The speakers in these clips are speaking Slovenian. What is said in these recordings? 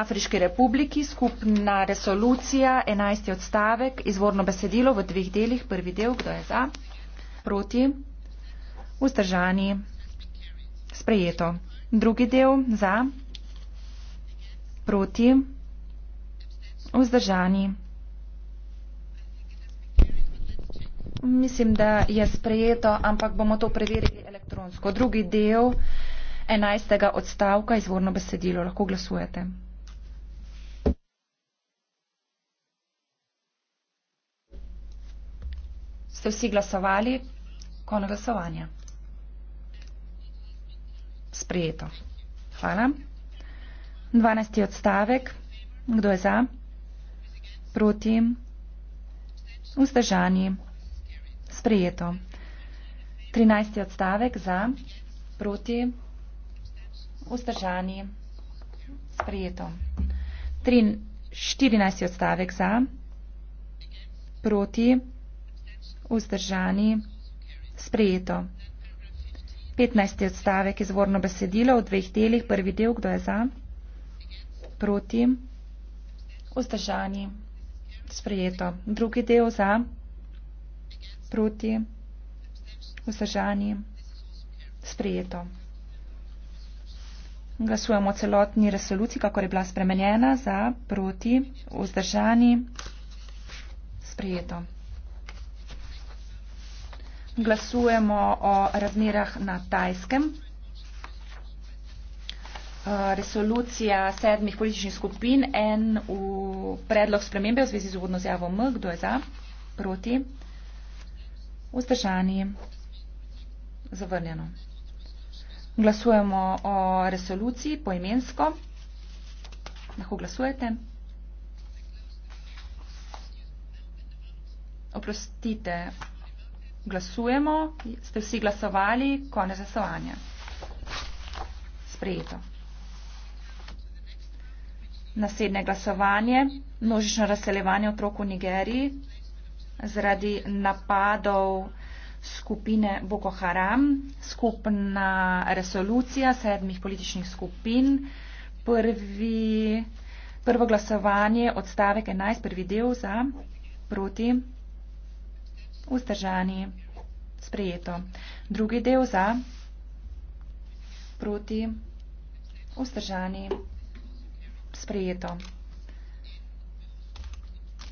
Afriški republiki skupna resolucija, enajsti odstavek, izvorno besedilo v dveh delih, prvi del, kdo je za, proti, vzdržani, sprejeto, drugi del, za, proti, vzdržani. Mislim, da je sprejeto, ampak bomo to preverili elektronsko. Drugi del enajstega odstavka, izvorno besedilo, lahko glasujete. ste vsi glasovali, kon glasovanja. Sprejeto. Hvala. 12. odstavek. Kdo je za? Proti? Vzdržani? Sprejeto. 13. odstavek. Za? Proti? Vzdržani? Sprejeto. 14. odstavek. Za? Proti? vzdržani, sprejeto. 15. odstavek izvorno besedilo v dveh delih, prvi del, kdo je za, proti, vzdržani, sprejeto. Drugi del za, proti, vzdržani, sprejeto. Glasujemo o celotni resoluciji, kako je bila spremenjena, za, proti, vzdržani, sprejeto glasujemo o razmerah na tajskem. Eh, resolucija sedmih političnih skupin, en v predlog spremembe v zvezi z uvodno zjavo M, kdo je za, proti, vzdržani, zavrnjeno. Glasujemo o resoluciji poimensko. Lahko glasujete. Oprostite, Glasujemo. Ste vsi glasovali? Konec glasovanja. Sprejeto. Naslednje glasovanje. Množično razseljevanje otrok v Nigeriji zaradi napadov skupine Boko Haram, skupna resolucija sedmih političnih skupin, prvi, prvo glasovanje, odstavek 11, prvi del za, proti vzdržani. Sprejeto. Drugi del za, proti, vzdržani. Sprejeto.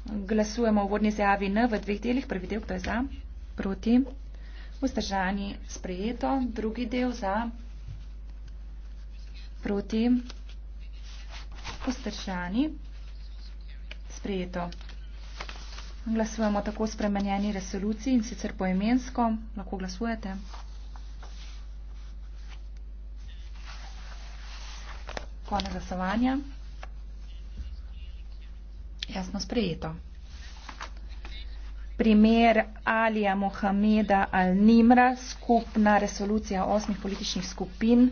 Glasujemo v vodni zjavi N v dveh delih. Prvi del, kdo je za, proti, vzdržani. Sprejeto. Drugi del za, proti, vzdržani. Sprejeto. Glasujemo tako spremenjeni resoluciji in sicer poimensko. Lahko glasujete. Konec glasovanja. Jasno sprejeto. Primer Alija Mohameda Al-Nimra, skupna resolucija osmih političnih skupin,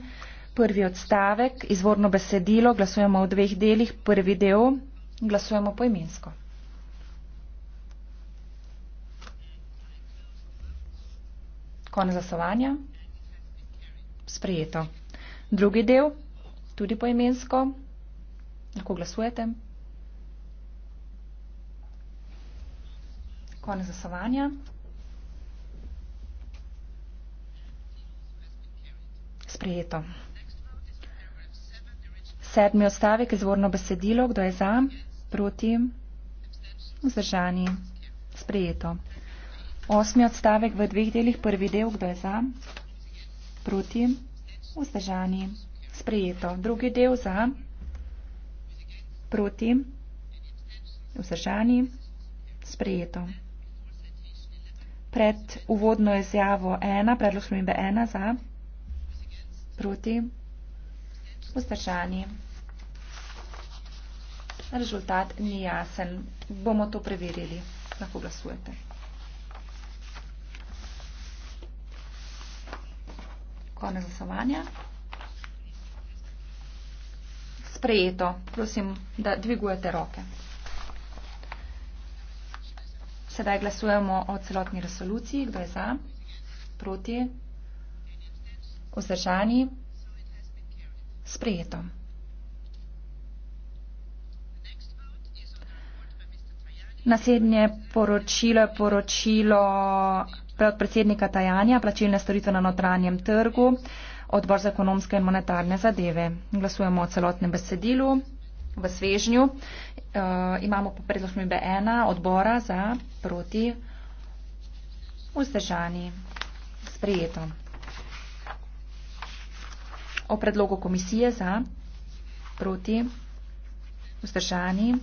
prvi odstavek, izvorno besedilo, glasujemo v dveh delih, prvi del, glasujemo poimensko. imensko. Konec glasovanja. Sprejeto. Drugi del, tudi poimensko. Lahko glasujete. Konec glasovanja. Sprejeto. Sedmi odstavek, izvorno besedilo, kdo je za, proti, vzdržani, sprejeto. Osmi odstavek v dveh delih, prvi del, kdo je za, proti, vzdržani, sprejeto. Drugi del za, proti, vzdržani, sprejeto. Pred uvodno izjavo ena, predlog spremembe ena za, proti, vzdržani. Rezultat ni jasen. Bomo to preverili. Lahko glasujete. Konec glasovanja. Sprejeto. Prosim, da dvigujete roke. Sedaj glasujemo o celotni resoluciji. Kdo je za? Proti? Vzdržani? Sprejeto. Naslednje poročilo je poročilo predsednika Tajanja, plačilne storitve na notranjem trgu, odbor za ekonomske in monetarne zadeve. Glasujemo o celotnem besedilu v svežnju. E, imamo pa predlog B1 odbora za proti vzdržani. Sprejeto. O predlogu komisije za proti vzdržani.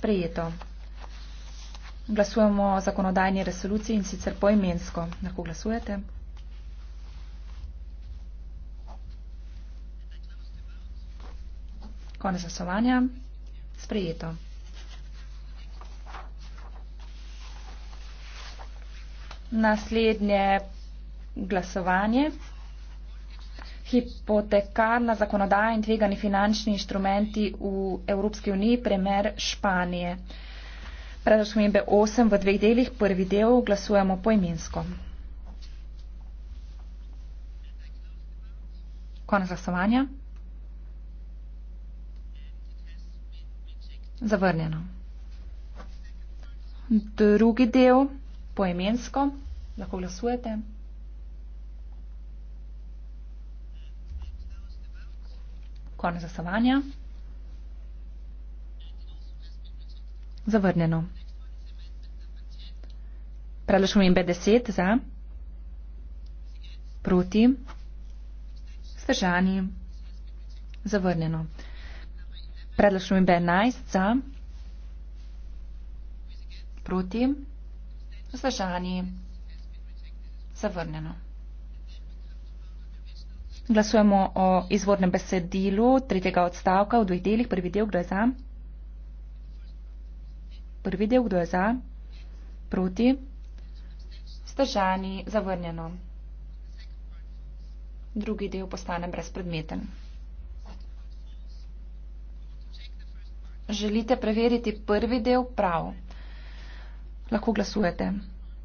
Sprejeto. Glasujemo o zakonodajni resoluciji in sicer poimensko. Lahko glasujete. Konec glasovanja. Sprejeto. Naslednje glasovanje. Hipotekarna zakonodaja in tvegani finančni inštrumenti v Evropski uniji, premer Španije. Razumembe 8 v dveh delih, prvi del glasujemo poimensko. Konec glasovanja. Zavrnjeno. Drugi del, poimensko, lahko glasujete. Konec glasovanja. Zavrnjeno. Predlašam imbe deset za, proti, stržani, zavrnjeno. Predlašam imbe enajst za, proti, stržani, zavrnjeno. Glasujemo o izvornem besedilu tretjega odstavka v dveh delih, prvi del, kdo je za? Zavrnjeno. Prvi del, kdo je za? Proti? Stržani, zavrnjeno. Drugi del postane brezpredmeten. Želite preveriti prvi del prav? Lahko glasujete.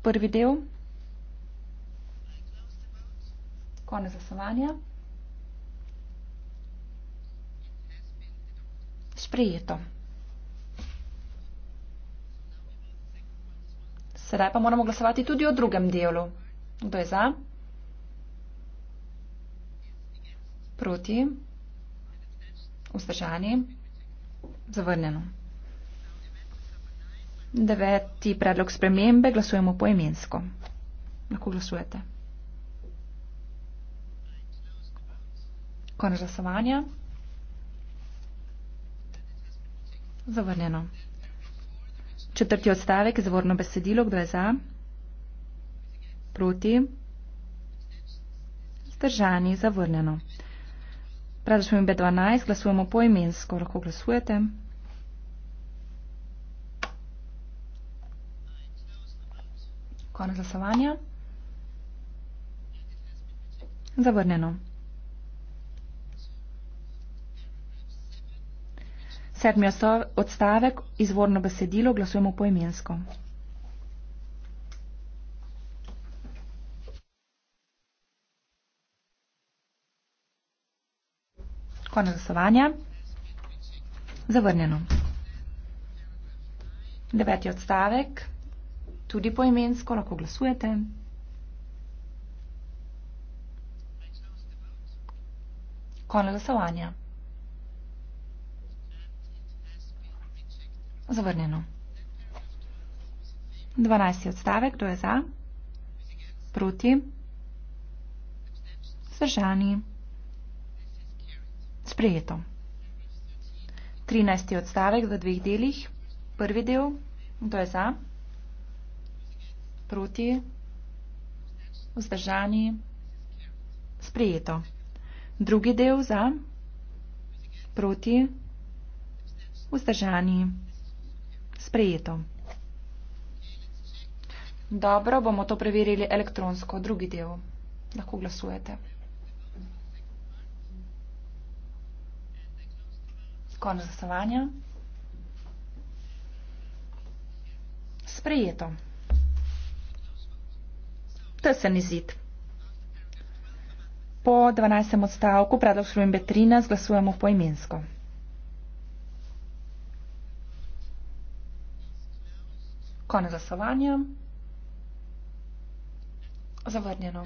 Prvi del? Konec zasovanja. Sprejeto. Sedaj pa moramo glasovati tudi o drugem delu. Kdo je za? Proti? Vzdržani? Zavrnjeno. Deveti predlog spremembe glasujemo poemensko. Lahko glasujete. Konec glasovanja? Zavrnjeno. Četrti odstavek, zvorno besedilo, kdo je za? Proti? Zdržani, zavrnjeno. Predlažujem B12, glasujemo po imensko, lahko glasujete. Konec glasovanja. Zavrnjeno. Sedmi odstavek, izvorno besedilo, glasujemo poimensko. Konec glasovanja. Zavrnjeno. Deveti odstavek, tudi poimensko, lahko glasujete. Konec glasovanja. Zavrnjeno. 12. odstavek, kdo je za? Proti? Zdržani? Sprejeto. 13. odstavek v dveh delih. Prvi del, kdo je za? Proti? Zdržani? Sprejeto. Drugi del za? Proti? Zdržani? Sprejeto sprejeto. Dobro, bomo to preverili elektronsko. Drugi del. Lahko glasujete. Konec glasovanja. Sprejeto. Tesen izid. Po 12. odstavku predlog službe 13 glasujemo poimensko. imensko. Konec glasovanja. Zavrnjeno.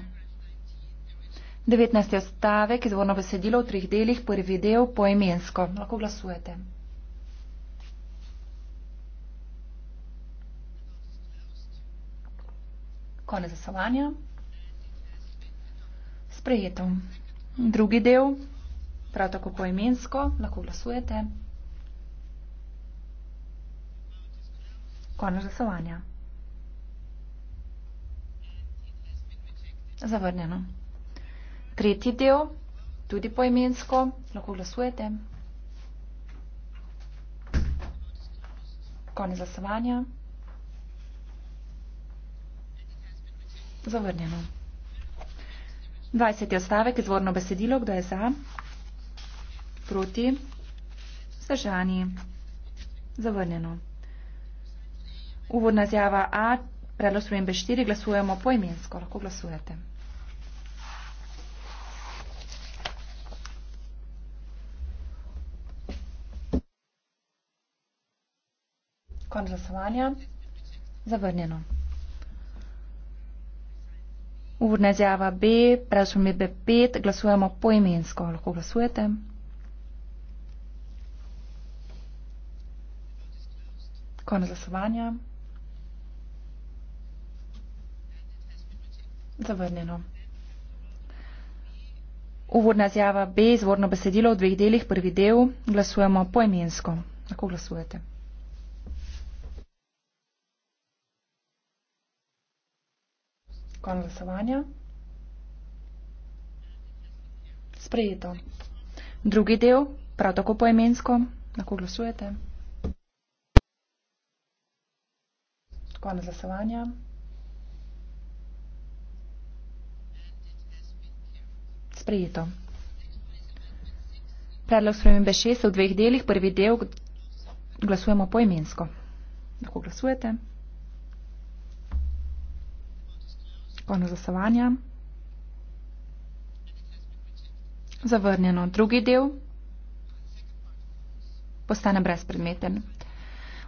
19. stavek, izvorno besedilo v treh delih, prvi del poemensko. Lahko glasujete. Konec glasovanja. Sprejeto. Drugi del, prav tako poemensko, lahko glasujete. Konec glasovanja. Zavrnjeno. Tretji del, tudi poimensko, lahko glasujete. Konec glasovanja. Zavrnjeno. 20. odstavek, izvorno besedilo, kdo je za? Proti? Zdržani. Zavrnjeno. Uvodna zjava A, predlog spremembe 4, glasujemo poimensko. Lahko glasujete. Konč glasovanja. Zavrnjeno. Uvodna zjava B, predlog spremembe 5, glasujemo poimensko. Lahko glasujete. Konec glasovanja. Zavrnjeno. Uvodna zjava B, izvorno besedilo v dveh delih, prvi del, glasujemo poemensko. Tako glasujete. Kon glasovanja. Sprejeto. Drugi del, prav tako poemensko. Tako glasujete. Kon glasovanja. Sprejeto. sprejeto. Predlog spremembe 6 v dveh delih, prvi del glasujemo poimensko. Lahko glasujete. Konec zasavanja. Zavrnjeno. Drugi del postane brezpredmeten.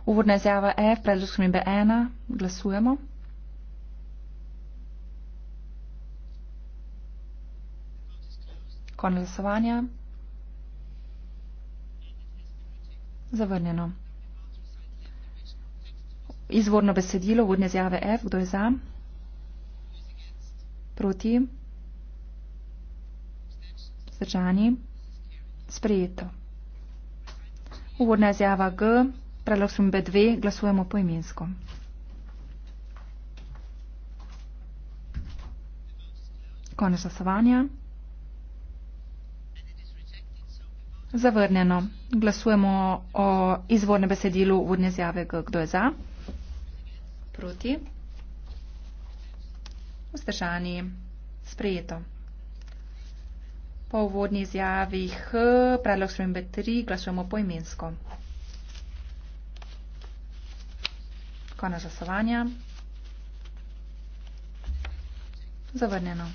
Uvodna izjava F, predlog spremembe 1, glasujemo. Konec glasovanja. Zavrnjeno. Izvorno besedilo, vodne zjave F, kdo je za? Proti? Zdržani? Sprejeto. Uvodna izjava G, predlog sum B2, glasujemo po imensko. Konec glasovanja. Zavrnjeno. Glasujemo o izvorne besedilu vodne zjave. Kdo je za? Proti. Vzdržani. Sprejeto. Po vodni izjavi H, predlog spremembe 3, glasujemo poimensko. Konec glasovanja. Zavrnjeno.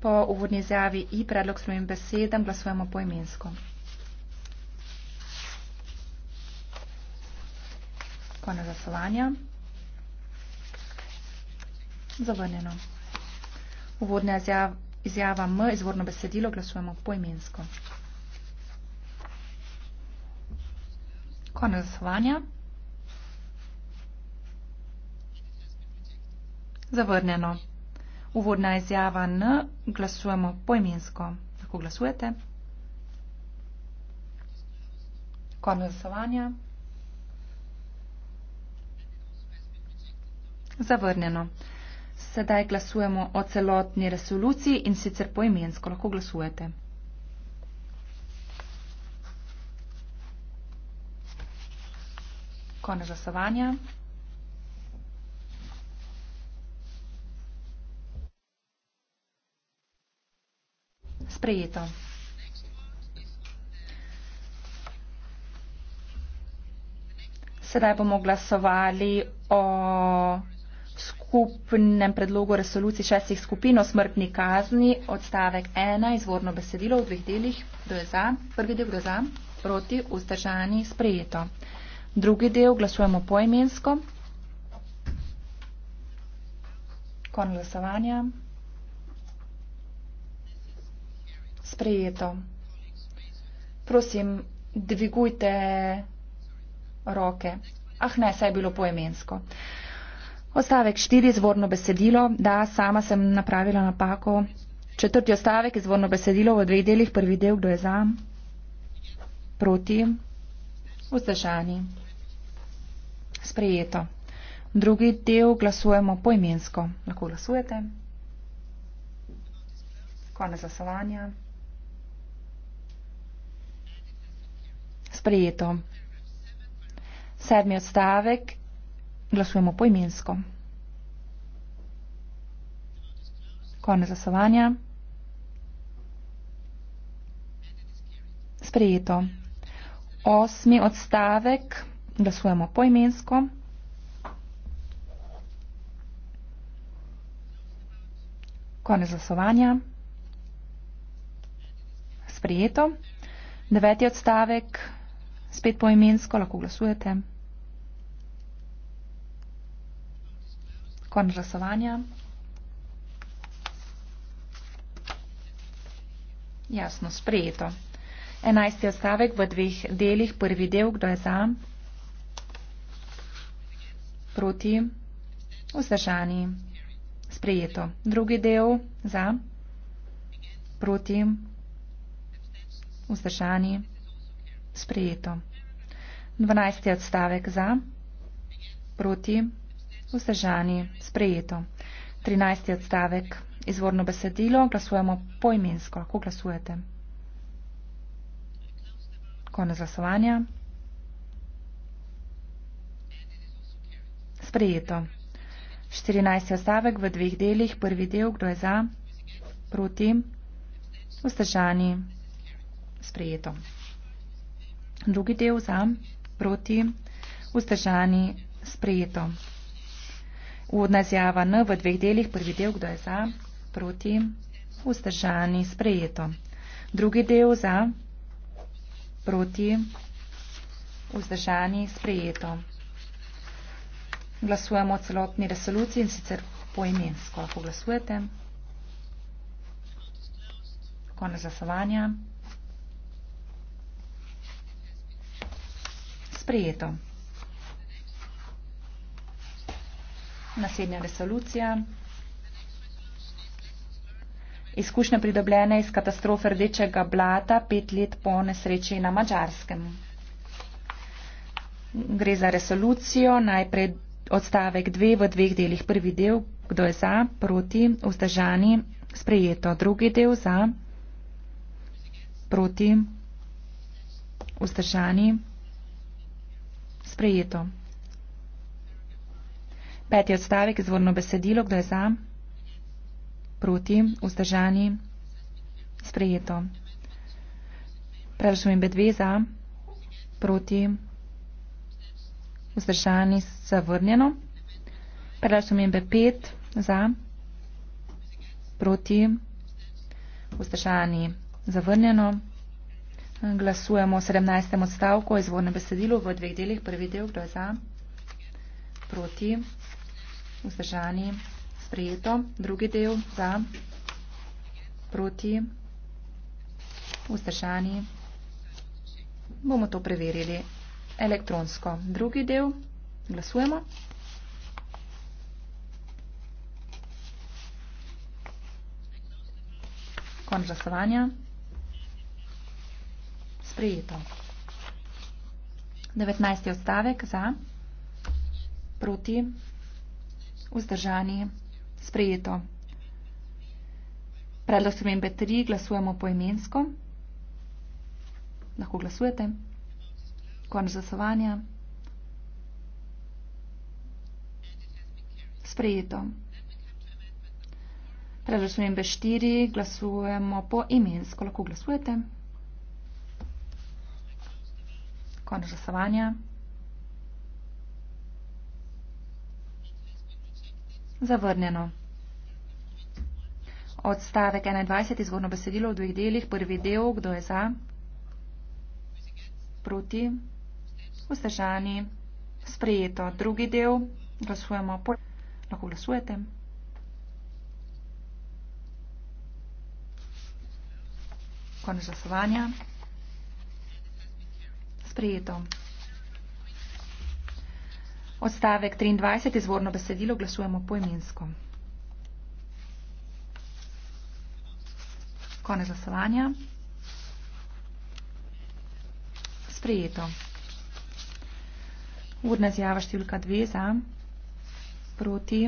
Po uvodni izjavi i predlog svojim besedam glasujemo po imensko. Kone glasovanja. Zavrnjeno. Uvodna izjav, izjava M, izvorno besedilo, glasujemo po imensko. Kone glasovanja. Zavrnjeno. Uvodna izjava N, glasujemo poimensko. Lahko glasujete. Kon glasovanja. Zavrnjeno. Sedaj glasujemo o celotni resoluciji in sicer poimensko. Lahko glasujete. Kon glasovanja. sprejeto. Sedaj bomo glasovali o skupnem predlogu resoluciji šestih skupin o smrtni kazni, odstavek 1, izvorno besedilo v dveh delih, kdo je za, prvi del, kdo je za, proti, vzdržani, sprejeto. Drugi del glasujemo poimensko. Konec glasovanja. sprejeto. Prosim, dvigujte roke. Ah ne, saj je bilo poemensko. Ostavek 4, zvorno besedilo. Da, sama sem napravila napako. Četrti ostavek, zvorno besedilo v dveh delih. Prvi del, kdo je za? Proti? Vzdržani? Sprejeto. Drugi del glasujemo poemensko. Lahko glasujete? Konec zasavanja. sprejeto. Sedmi odstavek. Glasujemo poimensko. Konec glasovanja. Sprejeto. Osmi odstavek. Glasujemo poimensko. Konec glasovanja. Sprejeto. Deveti odstavek spet poimensko lahko glasujete. Konec glasovanja. Jasno, sprejeto. Enajsti odstavek v dveh delih, prvi del, kdo je za, proti, vzdržani, sprejeto. Drugi del, za, proti, vzdržani, sprejeto. Sprejeto. 12. odstavek za. Proti. Vzdržani. Sprejeto. 13. odstavek. Izvorno besedilo. Glasujemo poimensko. Kako glasujete? Konec glasovanja. Sprejeto. 14. odstavek v dveh delih. Prvi del. Kdo je za? Proti. Vzdržani. Sprejeto. Drugi del za proti vzdržani sprejeto. Uvodna izjava N v dveh delih, prvi del, kdo je za, proti, vzdržani, sprejeto. Drugi del za, proti, vzdržani, sprejeto. Glasujemo o celotni resoluciji in sicer poimensko. Ako glasujete, konec glasovanja. sprejeto. Naslednja resolucija. Izkušnja pridobljena iz katastrofe rdečega blata pet let po nesreči na Mačarskem. Gre za resolucijo, najprej odstavek dve v dveh delih. Prvi del, kdo je za, proti, vzdržani, sprejeto. Drugi del za, proti, vzdržani, sprejeto. Sprejeto. Peti odstavek, izvorno besedilo, kdo je za, proti, vzdržani, sprejeto. Prelašam in bedve za, proti, vzdržani, zavrnjeno. Prelašam in be pet za, proti, vzdržani, zavrnjeno. Glasujemo o 17. odstavku o izvornem besedilu v dveh delih. Prvi del, kdo je za, proti, vzdržani, sprejeto. Drugi del, za, proti, vzdržani. Bomo to preverili elektronsko. Drugi del, glasujemo. Konč glasovanja sprejeto. 19. odstavek za, proti, vzdržani, sprejeto. Predlog spremembe 3 glasujemo poimensko. Lahko glasujete. Konč zasovanja. Sprejeto. Predlog spremembe 4 glasujemo poimensko. Lahko glasujete. Sprejeto. Konec glasovanja. Zavrnjeno. Odstavek 21. Izvorno besedilo v dveh delih. Prvi del, kdo je za? Proti? Vzdržani? Sprejeto. Drugi del, glasujemo. Pol. Lahko glasujete. Konec glasovanja sprejeto. Odstavek 23. Izvorno besedilo glasujemo poimensko. Konec glasovanja. Sprejeto. Urna zjava številka 2 za. Proti.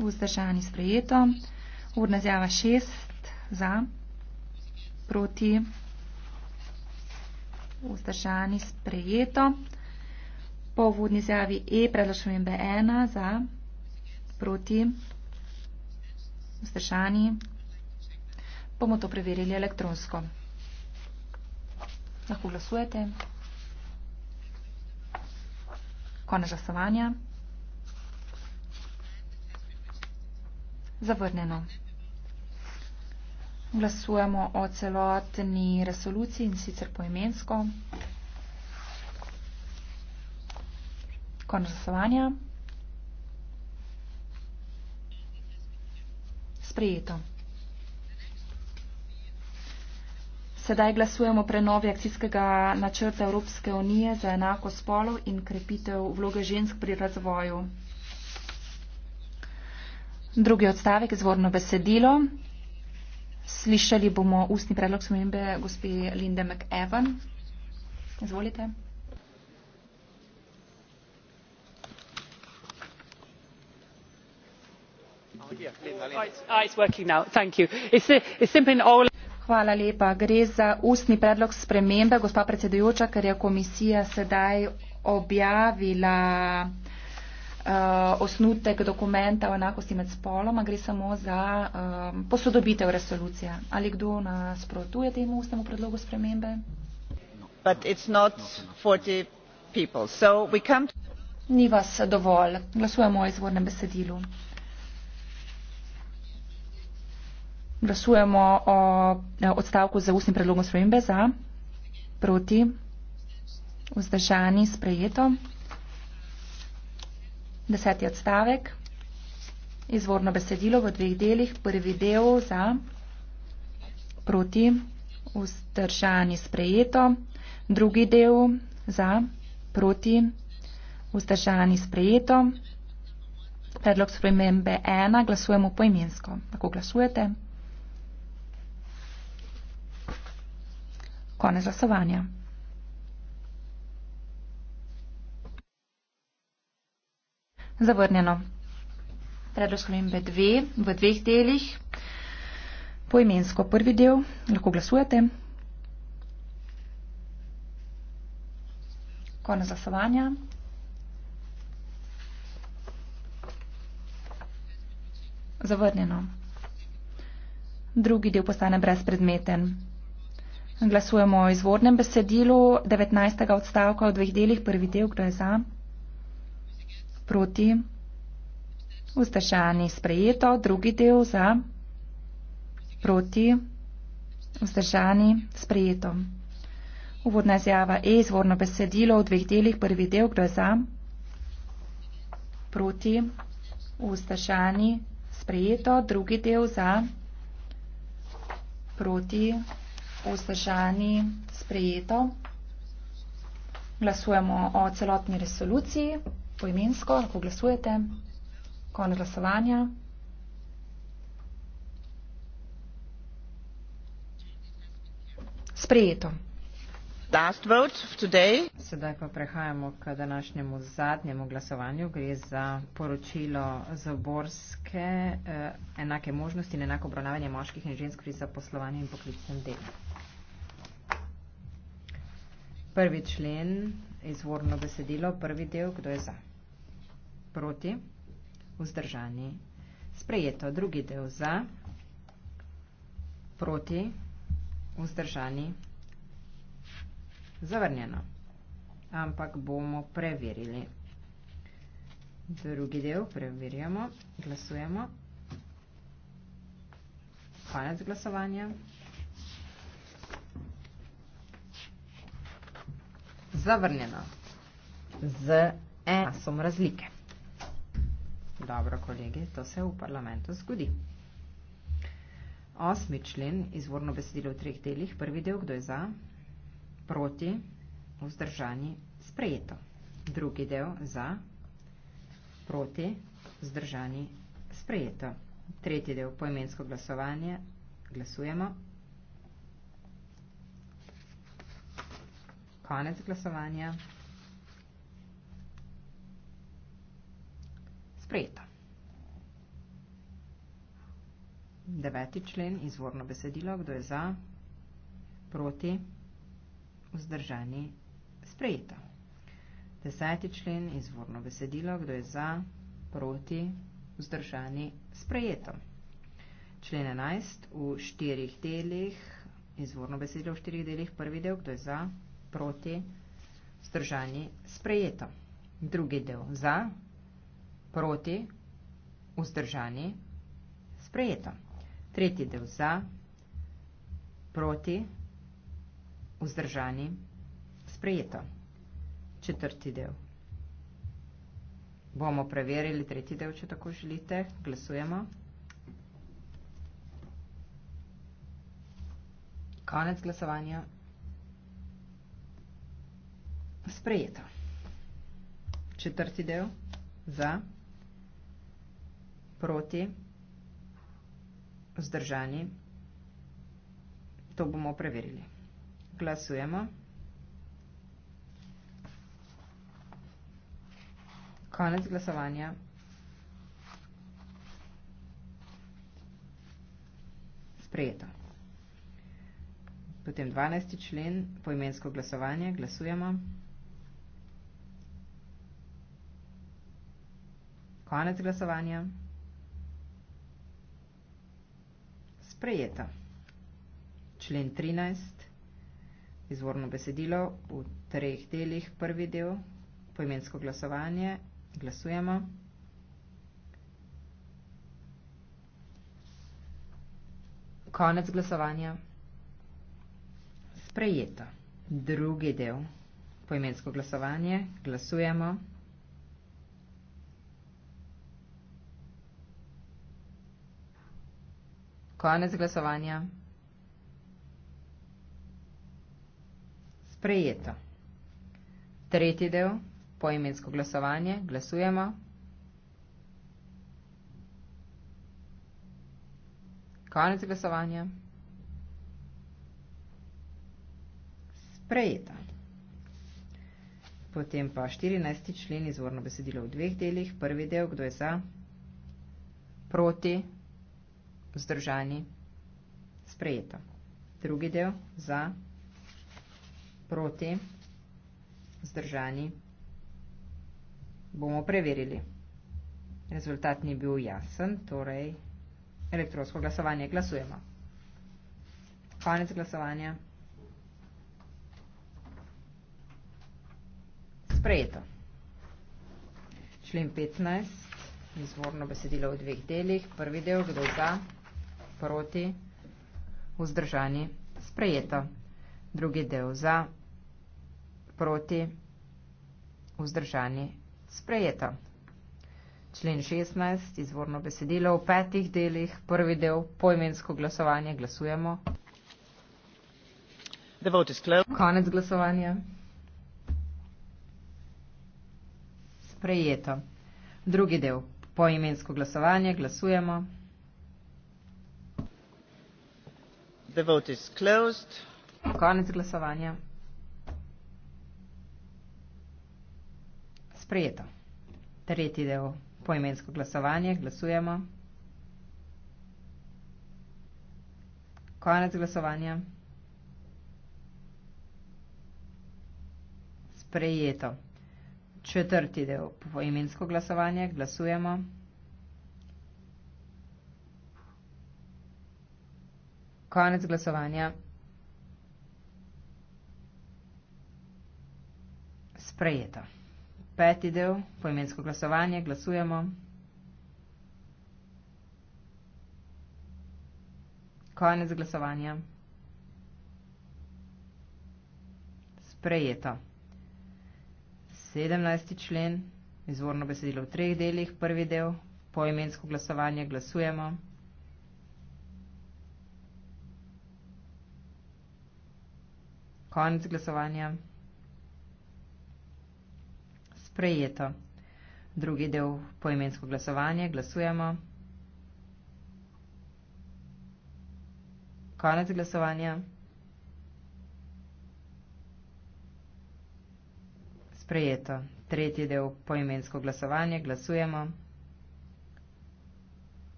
Vzdržani sprejeto. Urna zjava 6 za. Proti vzdržani sprejeto. Po vodni zjavi E predlašujem B1 za proti vzdržani. Bomo to preverili elektronsko. Lahko glasujete. Konež glasovanja. Zavrneno. Glasujemo o celotni resoluciji in sicer poimensko. Konec glasovanja. Sprejeto. Sedaj glasujemo prenovi akcijskega načrta Evropske unije za enako spolo in krepitev vloge žensk pri razvoju. Drugi odstavek, izvorno besedilo. Slišali bomo ustni predlog spremembe gospe Linde McEwan. Izvolite. Hvala lepa. Gre za ustni predlog spremembe, gospa predsedujoča, ker je komisija sedaj objavila Eh, osnutek dokumenta o enakosti med spoloma, gre samo za um, posodobitev resolucije. Ali kdo nasprotuje temu ustnemu predlogu spremembe? Ni vas dovolj. Glasujemo o izvornem besedilu. Glasujemo o eh, odstavku za ustnim predlogom spremembe za, proti, vzdržani, sprejeto deseti odstavek, izvorno besedilo v dveh delih, prvi del za proti vzdržani sprejeto, drugi del za proti vzdržani sprejeto, predlog spremembe ena, glasujemo poimensko. Tako glasujete. Konec glasovanja. Zavrnjeno. Predlog spremembe dve v dveh delih. Poimensko prvi del lahko glasujete. Konec glasovanja. Zavrnjeno. Drugi del postane brezpredmeten. Glasujemo o izvornem besedilu 19. odstavka v dveh delih. Prvi del, kdo je za? proti. Vzdržani sprejeto, drugi del za, proti, vzdržani sprejeto. Uvodna izjava E, izvorno besedilo v dveh delih, prvi del, kdo je za, proti, vzdržani sprejeto, drugi del za, proti, vzdržani sprejeto. Glasujemo o celotni resoluciji poimensko, lahko glasujete. Konec glasovanja. Sprejeto. Last vote today. Sedaj pa prehajamo k današnjemu zadnjemu glasovanju. Gre za poročilo zaborske eh, enake možnosti in enako obravnavanje moških in žensk pri zaposlovanju in poklicnem delu. Prvi člen izvorno besedilo, prvi del, kdo je za, proti, vzdržani, sprejeto, drugi del za, proti, vzdržani, zavrnjeno, ampak bomo preverili. Drugi del preverjamo, glasujemo, konec glasovanja. zavrnjeno z enasom razlike. Dobro, kolege, to se v parlamentu zgodi. Osmi člen, izvorno besedilo v treh delih, prvi del, kdo je za, proti, vzdržani, sprejeto. Drugi del, za, proti, vzdržani, sprejeto. Tretji del, poimensko glasovanje, glasujemo. konec glasovanja. Sprejeto. Deveti člen, izvorno besedilo, kdo je za, proti, vzdržani, sprejeto. Deseti člen, izvorno besedilo, kdo je za, proti, vzdržani, sprejeto. Člen 11, v štirih delih, izvorno besedilo v štirih delih, prvi del, kdo je za, proti, vzdržani, sprejeto proti, vzdržani, sprejeto. Drugi del za, proti, vzdržani, sprejeto. Tretji del za, proti, vzdržani, sprejeto. Četrti del. Bomo preverili tretji del, če tako želite. Glasujemo. Konec glasovanja sprejeta. Četrti del za proti vzdržani. To bomo preverili. Glasujemo. Konec glasovanja. Sprejeto. Potem 12. člen, poimensko glasovanje, glasujemo. Glasujemo. Konec glasovanja. Sprejeta. Člen 13. Izvorno besedilo v treh delih. Prvi del. Poimensko glasovanje. Glasujemo. Konec glasovanja. Sprejeta. Drugi del. Poimensko glasovanje. Glasujemo. Konec glasovanja. Sprejeto. Tretji del, poimensko glasovanje, glasujemo. Konec glasovanja. Sprejeto. Potem pa 14. člen izvorno besedilo v dveh delih. Prvi del, kdo je za? Proti vzdržani. Sprejeto. Drugi del za, proti, vzdržani. Bomo preverili. Rezultat ni bil jasen, torej elektronsko glasovanje. Glasujemo. Konec glasovanja. Sprejeto. Člen 15, izvorno besedilo v dveh delih. Prvi del, kdo za? Prvi del proti, vzdržani, sprejeto. Drugi del za, proti, vzdržani, sprejeto. Člen 16, izvorno besedilo v petih delih, prvi del, pojmensko glasovanje, glasujemo. Konec glasovanja. Sprejeto. Drugi del, pojmensko glasovanje, glasujemo. konec glasovanja sprejeto tretji del poimensko glasovanje glasujemo konec glasovanja sprejeto četrti del poimensko glasovanje glasujemo Konec glasovanja. Sprejeto. Peti del, poimensko glasovanje, glasujemo. Konec glasovanja. Sprejeto. 17. člen, izvorno besedilo v treh delih, prvi del, poimensko glasovanje, glasujemo. Konec glasovanja. Sprejeto. Drugi del poimensko glasovanje. Glasujemo. Konec glasovanja. Sprejeto. Tretji del poimensko glasovanje. Glasujemo.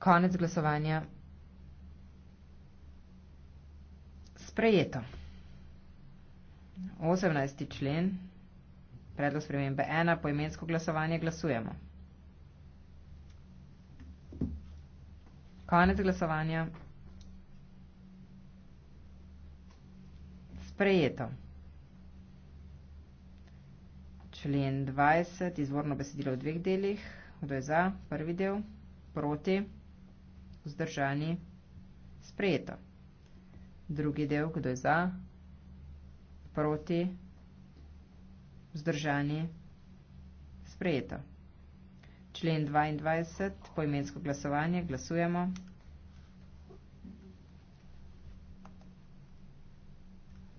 Konec glasovanja. sprejeto. 18. člen, predlog spremembe 1, poimensko glasovanje glasujemo. Konec glasovanja. Sprejeto. Člen 20, izvorno besedilo v dveh delih. Kdo je za? Prvi del. Proti. Vzdržani. Sprejeto drugi del, kdo je za, proti, vzdržani, sprejeto. Člen 22, poimensko glasovanje, glasujemo.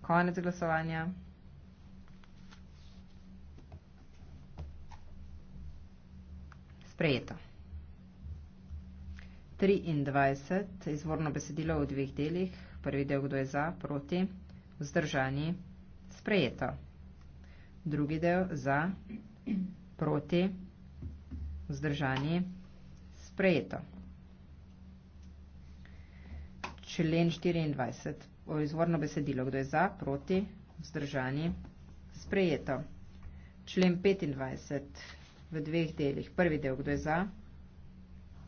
Konec glasovanja. Sprejeto. 23. Izvorno besedilo v dveh delih prvi del, kdo je za, proti, vzdržani, sprejeto. Drugi del, za, proti, vzdržani, sprejeto. Člen 24. O izvorno besedilo, kdo je za, proti, vzdržani, sprejeto. Člen 25. V dveh delih. Prvi del, kdo je za.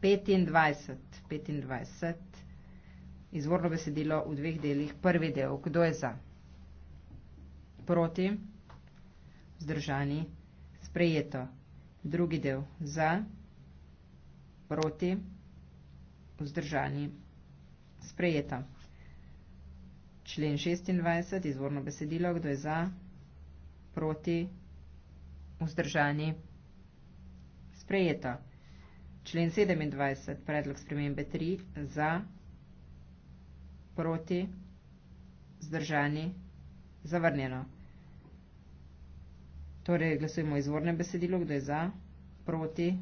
25. 25 izvorno besedilo v dveh delih. Prvi del, kdo je za? Proti, vzdržani, sprejeto. Drugi del, za, proti, vzdržani, sprejeto. Člen 26, izvorno besedilo, kdo je za, proti, vzdržani, sprejeto. Člen 27, predlog spremembe 3, za, proti, vzdržani, sprejeto proti, zdržani, zavrnjeno. Torej, glasujemo izvorne besedilo, kdo je za, proti,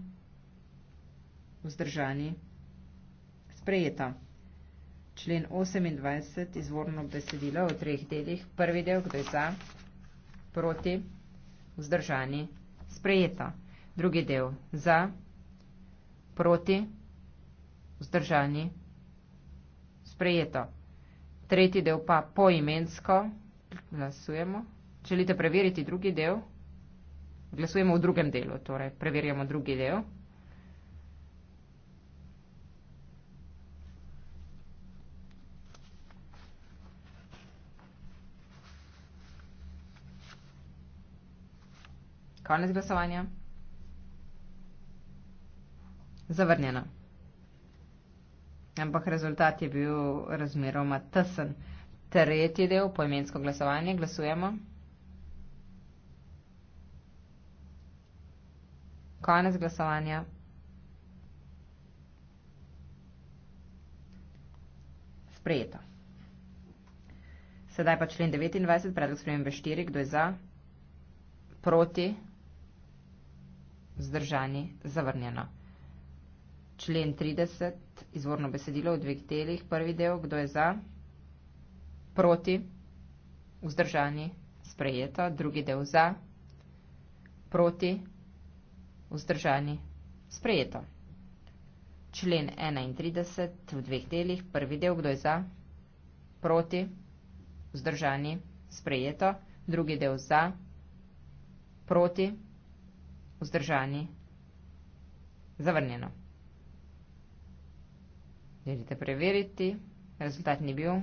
vzdržani, sprejeta. Člen 28, izvorno besedilo v treh delih, prvi del, kdo je za, proti, vzdržani, sprejeta. Drugi del, za, proti, vzdržani, sprejeta tretji del pa poimensko glasujemo. Želite preveriti drugi del? Glasujemo v drugem delu, torej preverjamo drugi del. Konec glasovanja. Zavrnjeno ampak rezultat je bil razmeroma tesen. Tretji del, poimensko glasovanje, glasujemo. Konec glasovanja. Sprejeto. Sedaj pa člen 29, predlog spremembe 4, kdo je za, proti, zdržani, zavrnjeno. Člen 30, izvorno besedilo v dveh delih. Prvi del, kdo je za, proti, vzdržani, sprejeto. Drugi del za, proti, vzdržani, sprejeto. Člen 31 v dveh delih. Prvi del, kdo je za, proti, vzdržani, sprejeto. Drugi del za, proti, vzdržani, zavrnjeno. Pridite preveriti, rezultat ni bil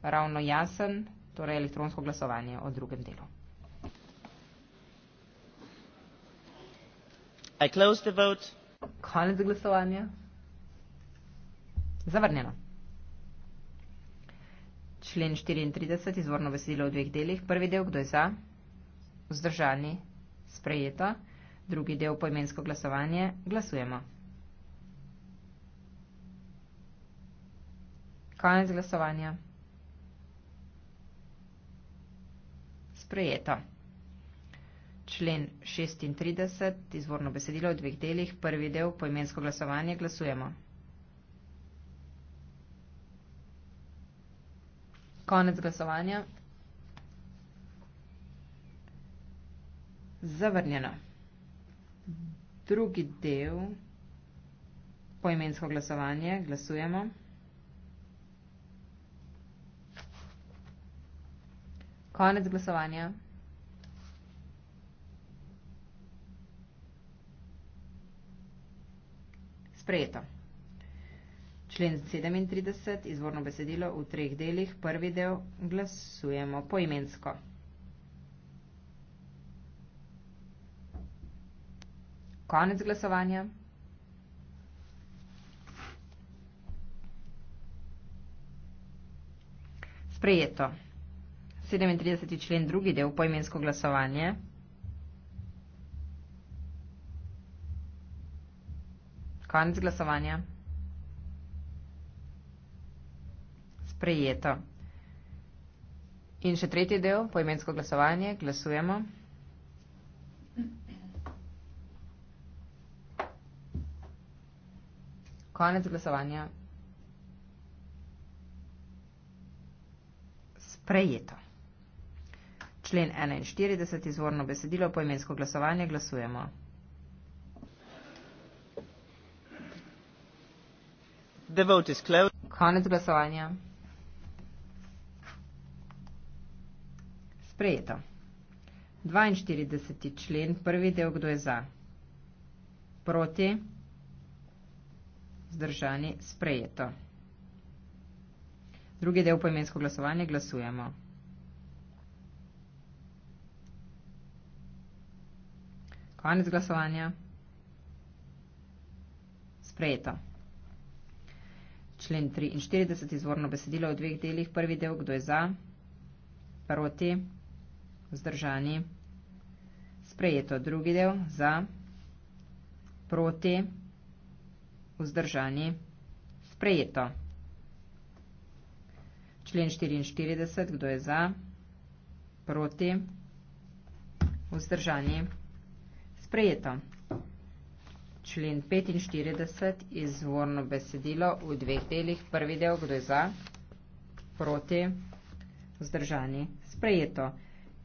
ravno jasen, torej elektronsko glasovanje o drugem delu. I close the vote. Konec glasovanja. Zavrnjeno. Člen 34, izvorno veselilo v dveh delih. Prvi del, kdo je za? Vzdržani, sprejeto. Drugi del, poimensko glasovanje. Glasujemo. Konec glasovanja. Sprejeto. Člen 36, izvorno besedilo v dveh delih, prvi del, poimensko glasovanje, glasujemo. Konec glasovanja. Zavrnjeno. Drugi del, poimensko glasovanje, glasujemo. Konec glasovanja. Sprejeto. Člen 37, izvorno besedilo v treh delih, prvi del glasujemo poimensko. Konec glasovanja. Sprejeto. 37. člen, drugi del, poimensko glasovanje. Konec glasovanja. Sprejeto. In še tretji del, poimensko glasovanje, glasujemo. Konec glasovanja. Sprejeto. Člen 41, izvorno besedilo, poimensko glasovanje, glasujemo. The vote is closed. Konec glasovanja. Sprejeto. 42. člen, prvi del, kdo je za? Proti? Zdržani? Sprejeto. Drugi del poimensko glasovanje glasujemo. Konec glasovanja. Sprejeto. Člen 43 izvorno besedilo v dveh delih. Prvi del, kdo je za? Proti? Zdržani? Sprejeto. Drugi del, za? Proti? Vzdržani? Sprejeto. Člen 44, kdo je za? Proti? Vzdržani? Sprejeto sprejeto. Člen 45 izvorno besedilo v dveh delih. Prvi del, kdo je za, proti, vzdržani, sprejeto.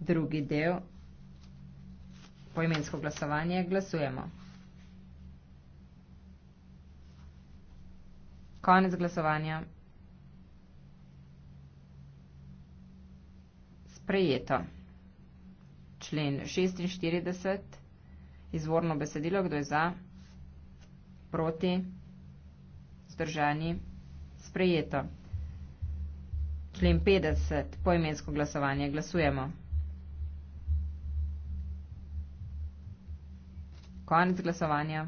Drugi del, poimensko glasovanje, glasujemo. Konec glasovanja. Sprejeto. Člen 46 izvorno besedilo, kdo je za, proti, zdržani, sprejeto. Člen 50, poimensko glasovanje, glasujemo. Konec glasovanja.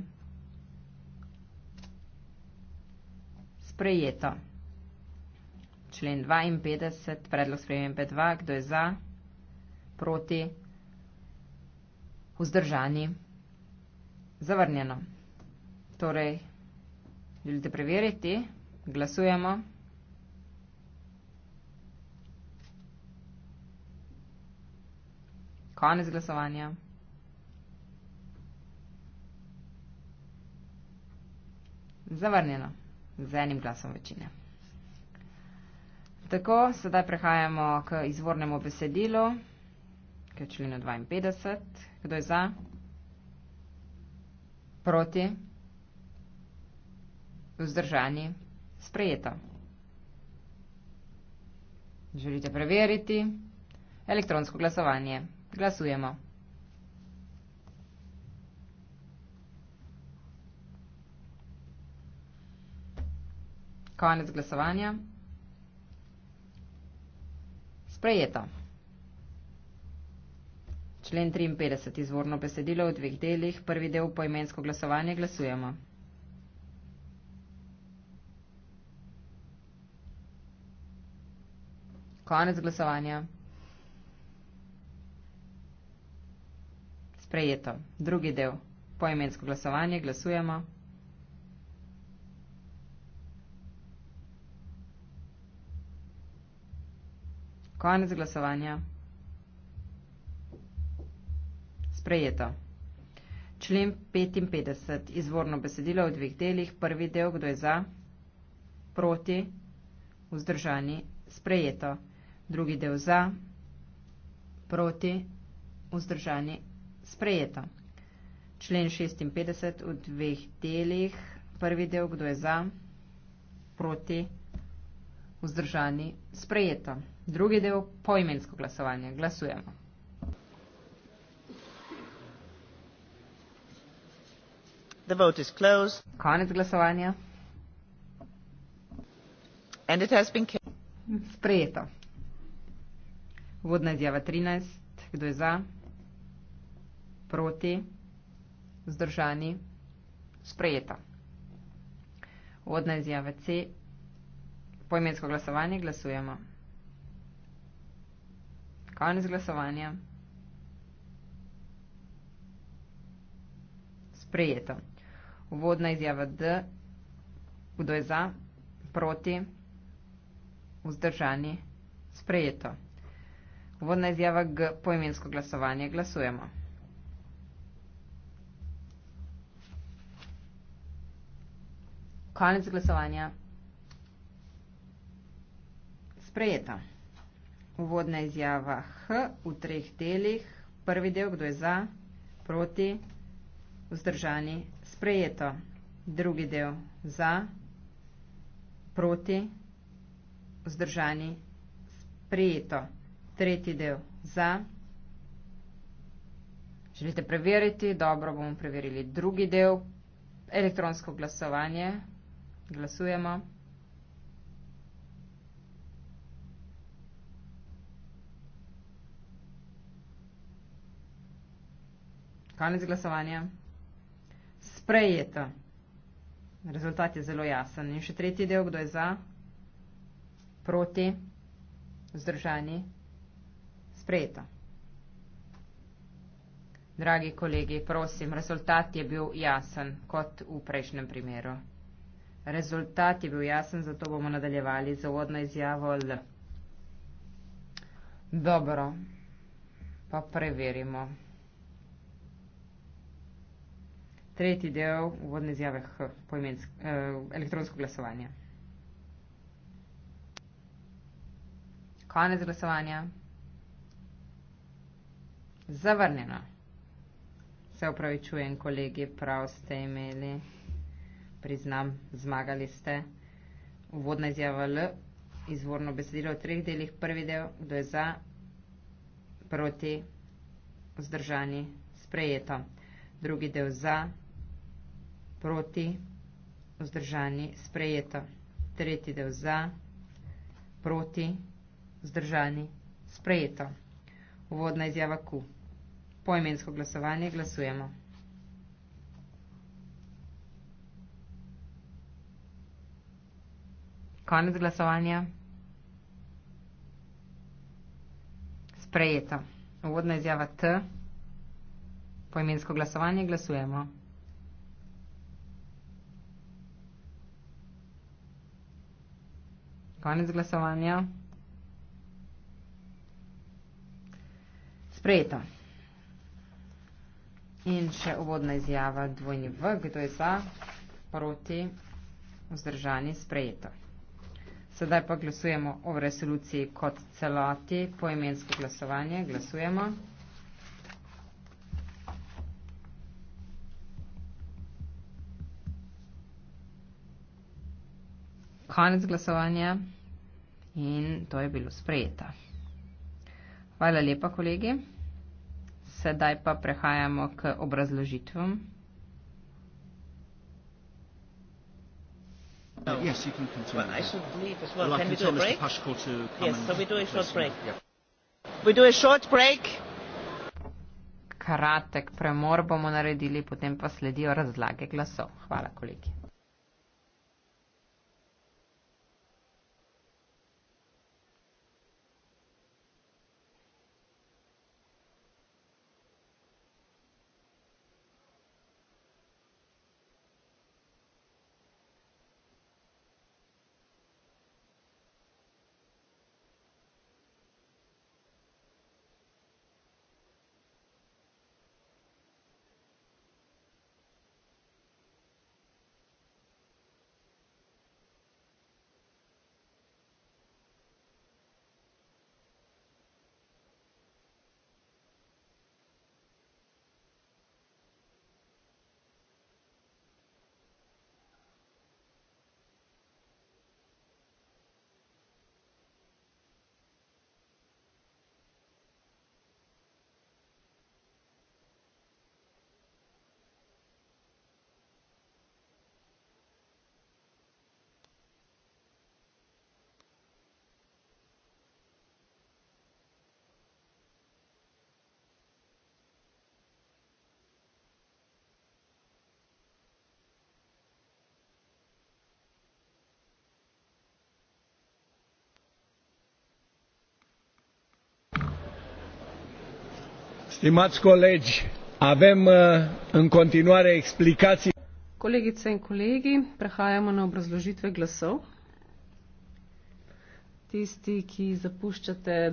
Sprejeto. Člen 52, predlog sprejem P2, kdo je za, proti, vzdržani. Zavrnjeno. Torej, želite preveriti? Glasujemo. Konec glasovanja. Zavrnjeno. Z enim glasom večine. Tako, sedaj prehajamo k izvornemu besedilu, k členu 52. Kdo je za? Proti. Vzdržani. Sprejeto. Želite preveriti? Elektronsko glasovanje. Glasujemo. Konec glasovanja. Sprejeto člen 53 izvorno besedilo v dveh delih, prvi del po imensko glasovanje glasujemo. Konec glasovanja. Sprejeto. Drugi del. Po imensko glasovanje glasujemo. Konec glasovanja. Sprejeto. Člen 55. Izvorno besedilo v dveh delih. Prvi del, kdo je za, proti, vzdržani, sprejeto. Drugi del za, proti, vzdržani, sprejeto. Člen 56 v dveh delih. Prvi del, kdo je za, proti, vzdržani, sprejeto. Drugi del, poimensko glasovanje. Glasujemo. The vote is closed. Konec glasovanja. And it has been Sprejeto. Vodna izjava 13. Kdo je za? Proti? Zdržani? Sprejeta. Vodna izjava C. Poimensko glasovanje glasujemo. Konec glasovanja. Sprejeto. Uvodna izjava D, kdo je za, proti, vzdržani, sprejeto. Uvodna izjava G, poimensko glasovanje, glasujemo. Konec glasovanja. Sprejeta. Uvodna izjava H v treh delih. Prvi del, kdo je za, proti, vzdržani, sprejeto. Drugi del za, proti, vzdržani, sprejeto. Tretji del za. Želite preveriti? Dobro, bomo preverili. Drugi del, elektronsko glasovanje. Glasujemo. Konec glasovanja. Sprejeto. Rezultat je zelo jasen. In še tretji del, kdo je za, proti, vzdržani. Sprejeto. Dragi kolegi, prosim, rezultat je bil jasen, kot v prejšnjem primeru. Rezultat je bil jasen, zato bomo nadaljevali z uvodno izjavo L. Dobro, pa preverimo. tretji del uvodne izjave H, poimensk, eh, elektronsko glasovanje. Konec glasovanja. Zavrnjeno. Se upravičujem, kolegi, prav ste imeli. Priznam, zmagali ste. Uvodna izjava L, izvorno besedilo v treh delih. Prvi del, kdo je za, proti, vzdržani, sprejeto. Drugi del za, proti, vzdržani, sprejeto. Tretji del za, proti, vzdržani, sprejeto. Uvodna izjava Q. Poimensko glasovanje glasujemo. Konec glasovanja. Sprejeto. Uvodna izjava T. Poimensko glasovanje glasujemo. Konec glasovanja. Sprejeto. In še uvodna izjava dvojni V, kdo je za, proti, vzdržani, sprejeto. Sedaj pa glasujemo o resoluciji kot celoti, poimensko glasovanje, glasujemo. konec glasovanja in to je bilo sprejeto. Hvala lepa, kolegi. Sedaj pa prehajamo k obrazložitvam. Kratek premor bomo naredili, potem pa sledijo razlage glasov. Hvala, kolegi. Stimați colegi, avem uh, în continuare explicații. Kolegice in kolegi, prehajamo na obrazložitve glasov. Tisti, ki zapuščate